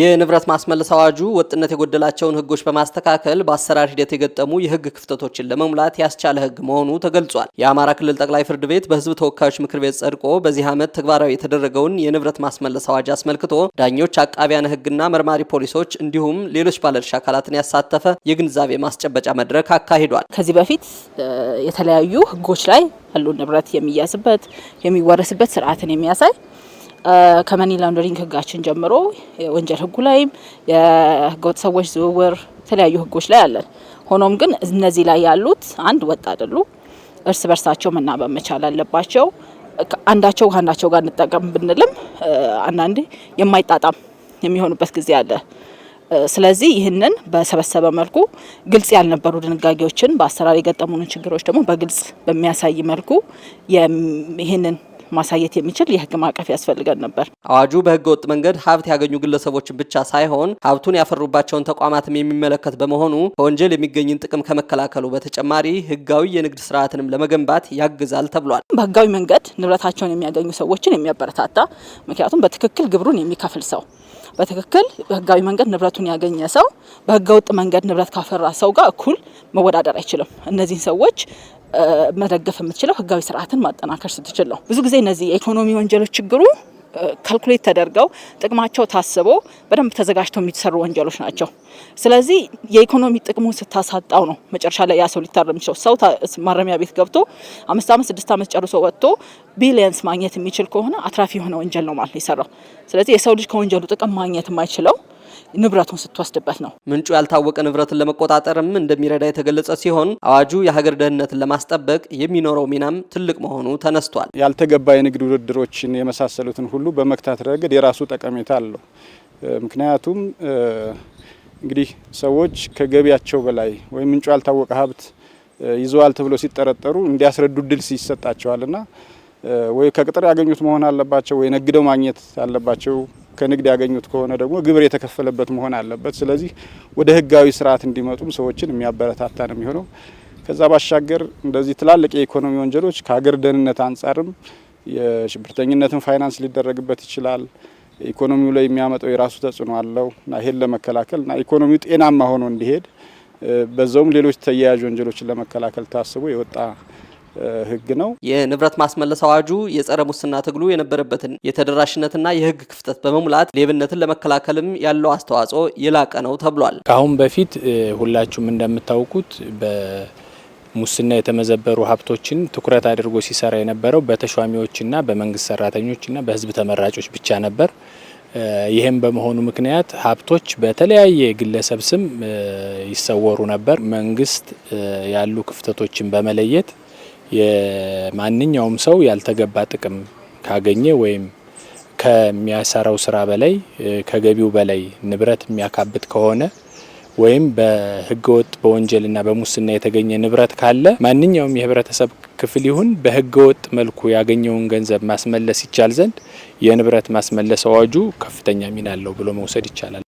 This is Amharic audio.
የንብረት ማስመለስ አዋጁ ወጥነት የጎደላቸውን ህጎች በማስተካከል በአሰራር ሂደት የገጠሙ የህግ ክፍተቶችን ለመሙላት ያስቻለ ህግ መሆኑ ተገልጿል። የአማራ ክልል ጠቅላይ ፍርድ ቤት በህዝብ ተወካዮች ምክር ቤት ጸድቆ በዚህ ዓመት ተግባራዊ የተደረገውን የንብረት ማስመለስ አዋጅ አስመልክቶ ዳኞች፣ አቃቢያነ ህግና መርማሪ ፖሊሶች እንዲሁም ሌሎች ባለድርሻ አካላትን ያሳተፈ የግንዛቤ ማስጨበጫ መድረክ አካሂዷል። ከዚህ በፊት የተለያዩ ህጎች ላይ ያሉ ንብረት የሚያዝበት የሚወረስበት ስርዓትን የሚያሳይ ከመኒ ላንደሪንግ ህጋችን ጀምሮ የወንጀል ህጉ ላይም የህገወጥ ሰዎች ዝውውር የተለያዩ ህጎች ላይ አለን። ሆኖም ግን እነዚህ ላይ ያሉት አንድ ወጥ አይደሉ፣ እርስ በርሳቸው መናበብ መቻል አለባቸው። አንዳቸው ከአንዳቸው ጋር እንጠቀም ብንልም አንዳንዴ የማይጣጣም የሚሆኑበት ጊዜ አለ። ስለዚህ ይህንን በሰበሰበ መልኩ ግልጽ ያልነበሩ ድንጋጌዎችን በአሰራር የገጠሙንን ችግሮች ደግሞ በግልጽ በሚያሳይ መልኩ ይህንን ማሳየት የሚችል የህግ ማዕቀፍ ያስፈልገን ነበር። አዋጁ በህገ ወጥ መንገድ ሀብት ያገኙ ግለሰቦችን ብቻ ሳይሆን ሀብቱን ያፈሩባቸውን ተቋማትም የሚመለከት በመሆኑ ከወንጀል የሚገኝን ጥቅም ከመከላከሉ በተጨማሪ ህጋዊ የንግድ ስርዓትንም ለመገንባት ያግዛል ተብሏል። በህጋዊ መንገድ ንብረታቸውን የሚያገኙ ሰዎችን የሚያበረታታ ምክንያቱም በትክክል ግብሩን የሚከፍል ሰው በትክክል በህጋዊ መንገድ ንብረቱን ያገኘ ሰው በህገ ወጥ መንገድ ንብረት ካፈራ ሰው ጋር እኩል መወዳደር አይችልም። እነዚህን ሰዎች መደገፍ የምትችለው ህጋዊ ስርዓትን ማጠናከር ስትችል ነው። ብዙ ጊዜ እነዚህ የኢኮኖሚ ወንጀሎች ችግሩ ካልኩሌት ተደርገው ጥቅማቸው ታስቦ በደንብ ተዘጋጅተው የሚሰሩ ወንጀሎች ናቸው። ስለዚህ የኢኮኖሚ ጥቅሙ ስታሳጣው ነው መጨረሻ ላይ ያ ሰው ሊታረም የሚችለው። ሰው ማረሚያ ቤት ገብቶ አምስት አመት ስድስት ዓመት ጨርሶ ወጥቶ ቢሊየንስ ማግኘት የሚችል ከሆነ አትራፊ የሆነ ወንጀል ነው ማለት የሰራው። ስለዚህ የሰው ልጅ ከወንጀሉ ጥቅም ማግኘት የማይችለው ንብረቱን ስትወስድበት ነው። ምንጩ ያልታወቀ ንብረትን ለመቆጣጠርም እንደሚረዳ የተገለጸ ሲሆን አዋጁ የሀገር ደህንነትን ለማስጠበቅ የሚኖረው ሚናም ትልቅ መሆኑ ተነስቷል። ያልተገባ የንግድ ውድድሮችን የመሳሰሉትን ሁሉ በመክታት ረገድ የራሱ ጠቀሜታ አለው። ምክንያቱም እንግዲህ ሰዎች ከገቢያቸው በላይ ወይም ምንጩ ያልታወቀ ሀብት ይዘዋል ተብሎ ሲጠረጠሩ እንዲያስረዱ ድል ይሰጣቸዋልና ወይ ከቅጥር ያገኙት መሆን አለባቸው ወይ ነግደው ማግኘት አለባቸው። ከንግድ ያገኙት ከሆነ ደግሞ ግብር የተከፈለበት መሆን አለበት። ስለዚህ ወደ ህጋዊ ስርዓት እንዲመጡም ሰዎችን የሚያበረታታ ነው የሚሆነው። ከዛ ባሻገር እንደዚህ ትላልቅ የኢኮኖሚ ወንጀሎች ከሀገር ደህንነት አንጻርም የሽብርተኝነትን ፋይናንስ ሊደረግበት ይችላል። ኢኮኖሚው ላይ የሚያመጣው የራሱ ተጽዕኖ አለው እና ይሄን ለመከላከል እና ኢኮኖሚው ጤናማ ሆኖ እንዲሄድ በዛውም ሌሎች ተያያዥ ወንጀሎችን ለመከላከል ታስቦ የወጣ ህግ ነው። የንብረት ማስመለስ አዋጁ የጸረ ሙስና ትግሉ የነበረበትን የተደራሽነትና የህግ ክፍተት በመሙላት ሌብነትን ለመከላከልም ያለው አስተዋጽኦ የላቀ ነው ተብሏል። ከአሁን በፊት ሁላችሁም እንደምታውቁት በሙስና የተመዘበሩ ሀብቶችን ትኩረት አድርጎ ሲሰራ የነበረው በተሿሚዎችና በመንግስት ሰራተኞችና በህዝብ ተመራጮች ብቻ ነበር። ይህም በመሆኑ ምክንያት ሀብቶች በተለያየ ግለሰብ ስም ይሰወሩ ነበር። መንግስት ያሉ ክፍተቶችን በመለየት የማንኛውም ሰው ያልተገባ ጥቅም ካገኘ ወይም ከሚያሰራው ስራ በላይ ከገቢው በላይ ንብረት የሚያካብት ከሆነ ወይም በህገወጥ በወንጀልና በሙስና የተገኘ ንብረት ካለ ማንኛውም የህብረተሰብ ክፍል ይሁን በህገወጥ መልኩ ያገኘውን ገንዘብ ማስመለስ ይቻል ዘንድ የንብረት ማስመለስ አዋጁ ከፍተኛ ሚና አለው ብሎ መውሰድ ይቻላል።